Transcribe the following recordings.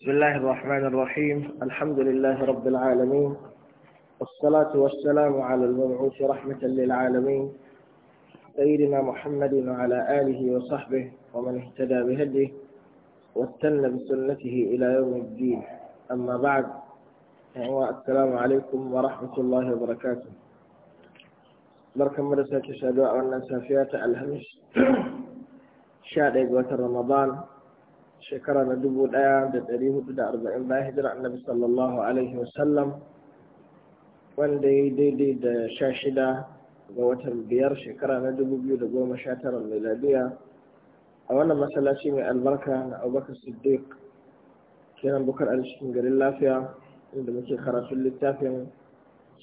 بسم الله الرحمن الرحيم الحمد لله رب العالمين والصلاة والسلام على المبعوث رحمة للعالمين سيدنا محمد وعلى آله وصحبه ومن اهتدى بهديه واستنى بسنته إلى يوم الدين أما بعد السلام عليكم ورحمة الله وبركاته بركة مدرسة شهداء والنسافيات الهمش شهد رمضان شكرا لدبو الآن بدريه تدع أربع الباهدر عن نبي صلى الله عليه وسلم وان دي دي دي دا شاشدة غوات البيار شكرا لدبو بيو دقو مشاتر الميلادية أولا مسألة شيمي البركة أنا بكر الصديق كنا بكر ألي شكرا لله اللافية عند مكي خرس للتافية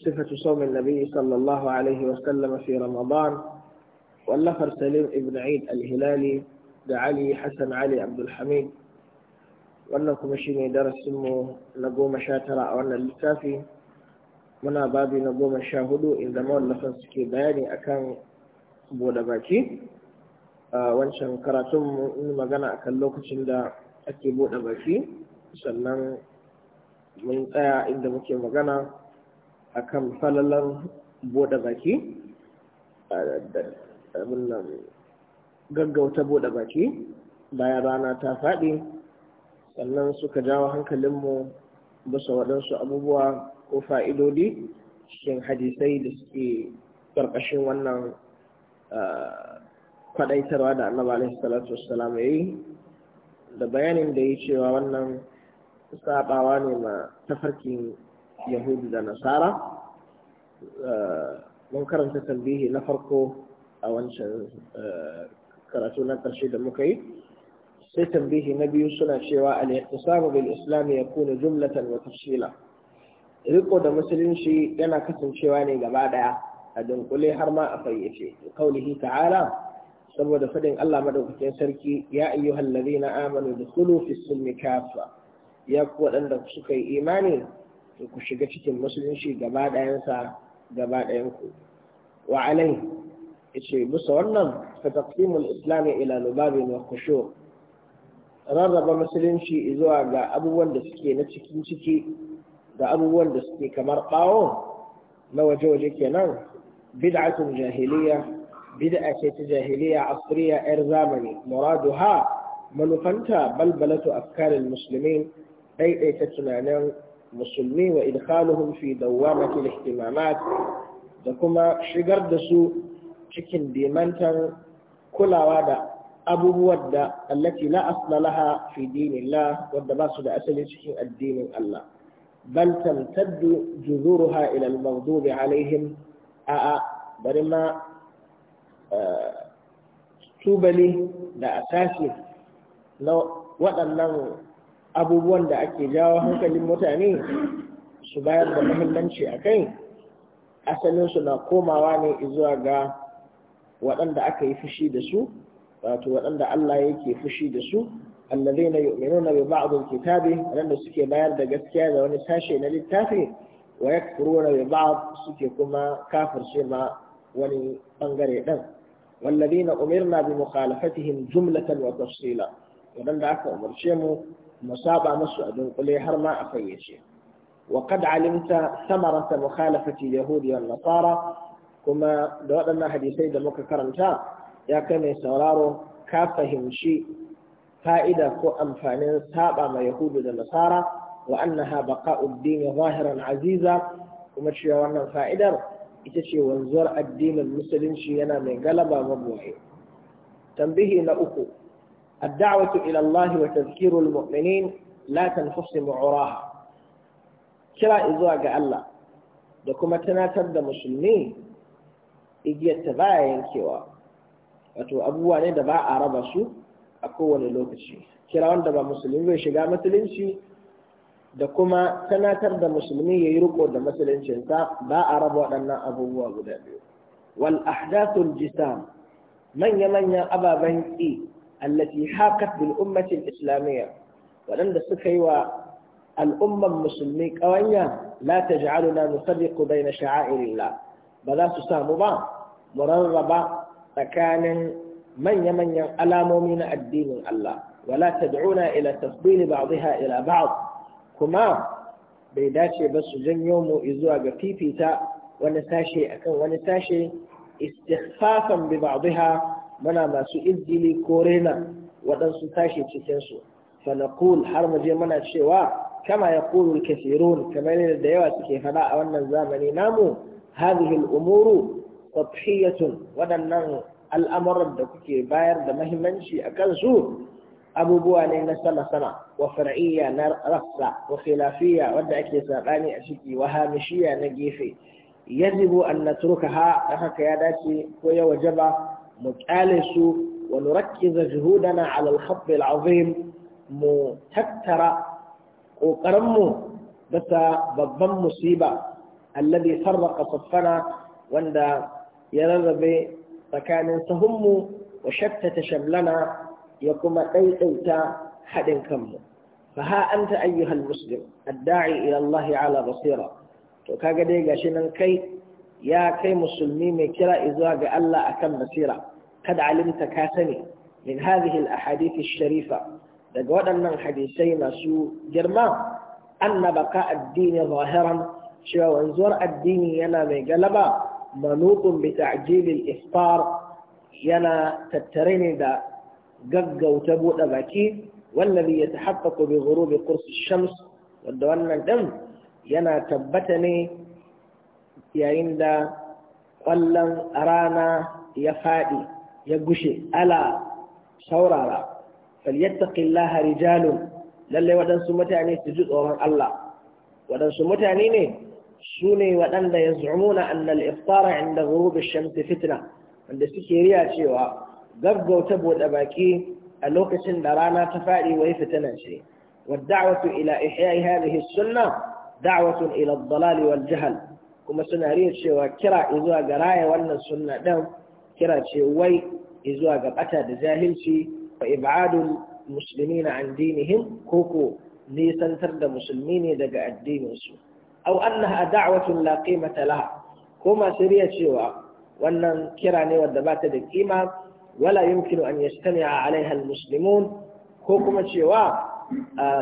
صفة صوم النبي صلى الله عليه وسلم في رمضان والله سليم ابن عيد الهلالي da Ali Hassan Ali Abdulhamid wannan kuma shi ne darasinmu na goma sha tara a wannan littafi muna babi na goma sha hudu inda mawallafan suke bayani akan bude baki wancan karatun mun magana akan lokacin da ake bude baki sannan mun tsaya inda muke magana akan falalan bude baki gaggauta buɗe baki bayan rana ta faɗi sannan suka jawo hankalinmu bisa waɗansu abubuwa ko fa'idodi cikin hadisai da suke ƙarƙashin wannan ah, kwaɗaitarwa da annaba alaihi salatu wassalam ya da bayanin da ya cewa wannan saɓawa ne ma farkin yahudu da nasara ah, mun karanta tambihi na farko a wancan ah, karatu na ƙarshe da muka yi sai tambihi na biyu suna cewa al-ihtisabu bil islam yakunu jumlatan wa tafsila riko da musulunci yana kasancewa ne gaba daya a dunkule har ma a fayyace kaulihi ta'ala saboda fadin Allah madaukakin sarki ya ayyuhal ladina amanu dukhulu fis sulmi kafa ya ku waɗanda suka yi imani ku shiga cikin musulunci gaba ɗayansa gaba ɗayan ku wa alai yace musa wannan فتقسيم الإسلام إلى لباب وخشوع rarraba musulunci zuwa ga abubuwan da suke na cikin ciki da abubuwan da suke kamar ɓawo na waje-waje kenan bid'atun jahiliya bid'a ce ta jahiliya asriya yar zamani muradu ha manufanta balbalatu afkarin musulmin ɗaiɗaita tunanin musulmi wa idkhaluhum fi dawwamati al-ihtimamat da kuma shigar da su cikin dimantan kulawa da abubuwan da allati la asla laha fi dinillah wadda ba su da asali cikin addinin Allah bal tamtaddu juzuruha ila al-maghdubi alaihim a a bari ma eh, tubali da asasi na waɗannan abubuwan da ake jawo hankalin mutane su bayar da muhimmanci a kai asalinsu na komawa ne zuwa ga waɗanda aka yi fushi da su wato waɗanda Allah yake fushi da su allazai na yi'minu na bi ba'adun kitabi waɗanda suke bayar da gaskiya da wani sashe na littafi wa ya kuro na bi ba'ad suke kuma kafir ce ma wani bangare ɗin wallazai na umir na bi mukhalafatihim jumlatan wa tafsila waɗanda aka umarce mu mu saɓa masu abin dunkule har ma a fayyace وقد علمت ثمرة مخالفة اليهود والنصارى kuma da waɗannan hadisai da muka karanta ya kai mai sauraro ka fahimci fa'ida ko amfanin saba ma yahudu da nasara wa annaha baqa'ud dini zahiran aziza kuma cewa wannan fa'idar ita ce wanzuwar addinin musulunci yana mai galaba mabuwaye tambihi na uku الدعوة إلى الله mu'minin المؤمنين لا تنفصل عراها كلا ga allah da kuma tunatar da musulmi Igiyarta ba baya yankewa wato abubuwa ne da ba a raba su a kowane lokaci kira wanda ba musulmi bai shiga musulunci da kuma sanatar da musulmi ya yi riko da musuluncinsa ba a raba waɗannan abubuwa guda biyu wal ahdathul jisam manya manyan ababen ƙi allati hakat bil ummatin islamiyya waɗanda suka yi wa al'umman musulmi ƙawanya la taj'aluna nufarriqu bayna sha'airillah ba za su samu ba mu rarraba tsakanin manya-manyan alamomi na addinin Allah wala tad'una ila tafdil ba'dha ila ba'd kuma bai dace ba su janyo mu zuwa ga fifita wani sashe akan wani sashe istighfafan bi muna masu izgili ko rena waɗansu sashe cikin su fa har mu je muna cewa kama yaqulu al-kathirun kamar da yawa suke fada a wannan zamani namu hadhihi al-umuru tadhiyatun waɗannan al'amuran da kuke bayar da mahimmanci a kansu abubuwa ne na sama-sama wa far'iyya na rassa wa khilafiyya wadda ake saɓani a ciki wa hamishiya na gefe yajibu an natrukaha da haka ya dace ko ya wajaba mu ƙyale su wa nurakkiza juhudana ala al-khatt al mu tattara kokarin mu ta babban musiba alladi farraqa saffana wanda ya rarrabe tsakanin sahunmu wa shattata shamlana ya kuma ɗaiɗauta haɗin kanmu fa ha anta ayyuhal muslim adda'i ila Allah ala basira to kaga dai gashi nan kai ya kai musulmi mai kira izuwa ga Allah akan basira kada alimta ka sani min hadhihi al ahadith sharifa daga waɗannan hadisai masu girma anna baqa ad-din zahiran cewa wanzuwar addini yana mai galaba manutun bi ta'jilil yana tattare ne da gaggauta buɗe baki ta yatahaqqaqu bi ghurubi qurs shams wanda wannan ɗin yana tabbata ne yayin da ƙwallon rana ya faɗi ya gushe ala saurara falyattaqillaha rijalun lallai waɗansu mutane su ji tsoron Allah waɗansu mutane ne Sune waɗanda ya zumu na annal iftara inda zuru shamsi fitna wanda suke riya cewa gaggauta buɗe baki a lokacin da rana ta faɗi wa yi ce wa da'awatu ila ihyayi hadhihi sunna da'awatu ila dalal wal jahl kuma suna riya cewa kira zuwa ga raya wannan sunna ɗan kira ce wai zuwa ga bata da jahilci wa ib'adul muslimina an dinihim koko nisantar da musulmi ne daga addinin su au annaha da'watun la qimata laha ko ma riya cewa wannan kira ne wadda ba ta da kima wala yumkinu an yastami'a alaiha almuslimun ko kuma cewa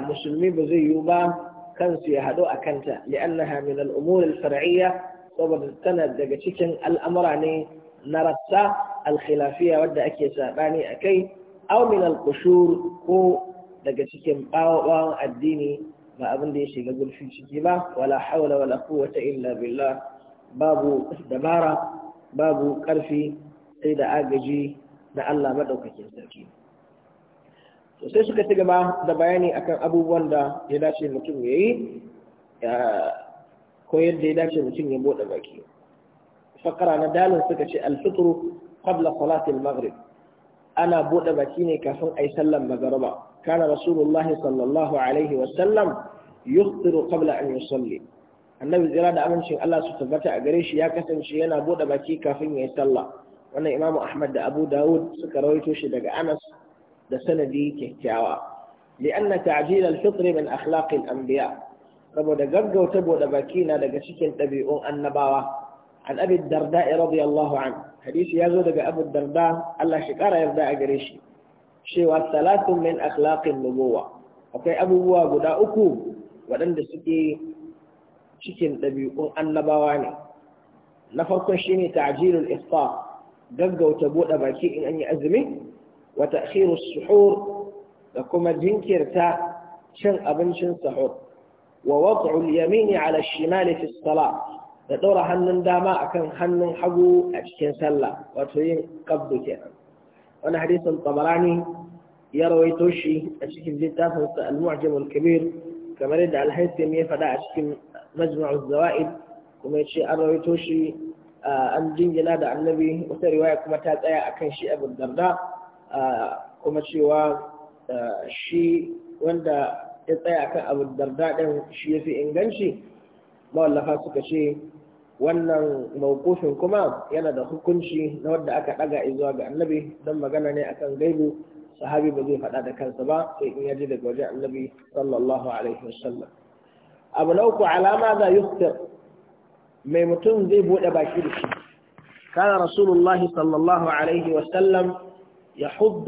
musulmi ba zai yiwu ba kansu ya haɗu a kanta li'annaha min al al-far'iyya saboda tana daga cikin al'amura ne na rassa al-khilafiyya wadda ake sabani akai aw min al-qushur ko daga cikin bawawan addini ba abin da ya shiga gurfin ciki ba wala haula wala quwwata illa billah babu dabara babu karfi sai da agaji da Allah madaukakin sarki to sai suka ci gaba da bayani akan abubuwan da ya dace mutum ya yi ko yadda ya dace mutum ya bude baki fakara na dalin suka ce alfitru qabla salatil maghrib ana bude baki ne kafin ayi sallan magharaba kana rasulullah sallallahu alaihi wa sallam yukhtiru kabla an yusalli annabi zira da amincin Allah su tabbata a gare shi ya kasance yana bude baki kafin yayi sallah wannan imamu ahmad da abu dawud suka rawaito shi daga anas da sanadi kyakkyawa li'anna ta'jil al-fitr min akhlaq al-anbiya saboda gaggauta bude baki na daga cikin ɗabi'un annabawa an abi darda radiyallahu an hadisi zo daga abu darda Allah shi kara yarda a gare shi cewa salatun min akhlaqin nubuwa akwai abubuwa guda uku waɗanda suke cikin ɗabi'un annabawa ne na farkon shine ta'jilul iftar gaggauta buɗe baki in an yi azumi wa ta'khirus suhur da kuma jinkirta cin abincin sahur wa al yamini 'ala ash shimali fi as salat da dora hannun dama akan hannun hagu a cikin sallah wato yin qabdu kenan wannan hadisin tabarani ya rawaito shi a cikin littafin sa al-mu'jam al-kabir kamar yadda alhaifin ya faɗa a cikin majma'u zawa'id kuma ya ce an rawaito shi an jingina da annabi wata riwaya kuma ta tsaya akan shi abu darda kuma cewa shi wanda ya tsaya akan abu darda ɗin shi ya fi inganci mawallafa suka ce wannan mawukufin kuma yana da hukunci na wadda aka ɗaga izuwa ga annabi don magana ne akan gaibu sahabi ba zai faɗa da kansa ba sai in yaji daga wajen annabi sallallahu alaihi wasallam abu na uku alama za yuftir mai mutum zai buɗe baki da shi kana rasulullahi sallallahu alaihi wasallam ya hudd